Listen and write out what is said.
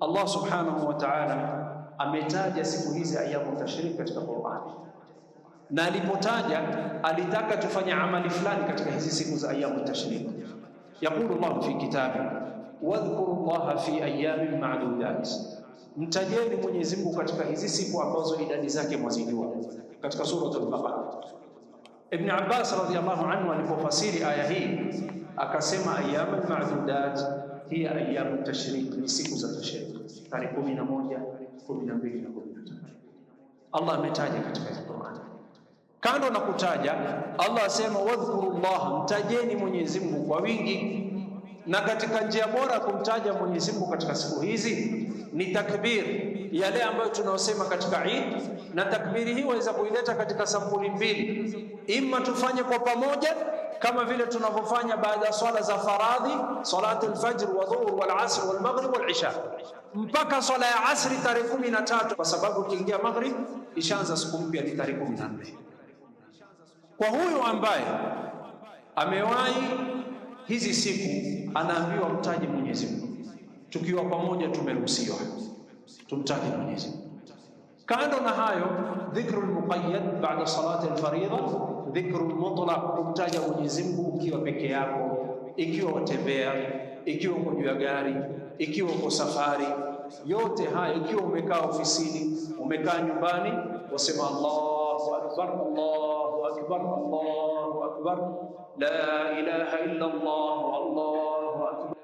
Allah subhanahu wa ta'ala ametaja siku hizi ayamu tashrik katika Qur'ani, na alipotaja alitaka tufanye amali fulani katika hizi siku za ayamu tashrik. Yaqulu Allah fi kitabi wadhkuru llaha fi ayamin ma'dudat, mtajeni Mwenyezi Mungu katika hizi siku ambazo idadi zake mwazijua, katika suratul Baqara. Ibn Abbas radhiyallahu anhu alipofasiri aya hii akasema ayaman ma'dudat hiya ayamu tashriq, ni siku za tashriq, tarehe kumi na moja, kumi na mbili na kumi na tatu. Allah ametaja katika Qur'an. Kando na kutaja, Allah asema wadhkurullah, mtajeni Mwenyezi Mungu kwa wingi. Na katika njia bora ya kumtaja Mwenyezi Mungu katika siku hizi ni takbir yale ambayo tunaosema katika Eid, na takbiri hii waweza kuileta katika sampuli mbili, imma tufanye kwa pamoja kama vile tunavyofanya baada ya swala za faradhi, salatu al-fajr wa dhuhur wal asr wal maghrib wal isha, mpaka swala ya asri tarehe 13, kwa sababu ukiingia maghrib ishaanza siku mpya, ni tarehe 14. Kwa huyu ambaye amewahi hizi siku, anaambiwa mtaji Mwenyezi Mungu. Tukiwa pamoja tumeruhusiwa tumtaki Mwenyezi. Kando na hayo, dhikru muqayyad baada salati alfaridha, dhikru mutlaq, kumtaja Mwenyezi Mungu ukiwa peke yako, ikiwa watembea, ikiwa uko juu ya gari, ikiwa uko safari, yote haya, ikiwa umekaa ofisini, umekaa nyumbani, wasema Allahu akbar, Allahu akbar, Allahu akbar, la ilaha illa Allah, Allahu akbar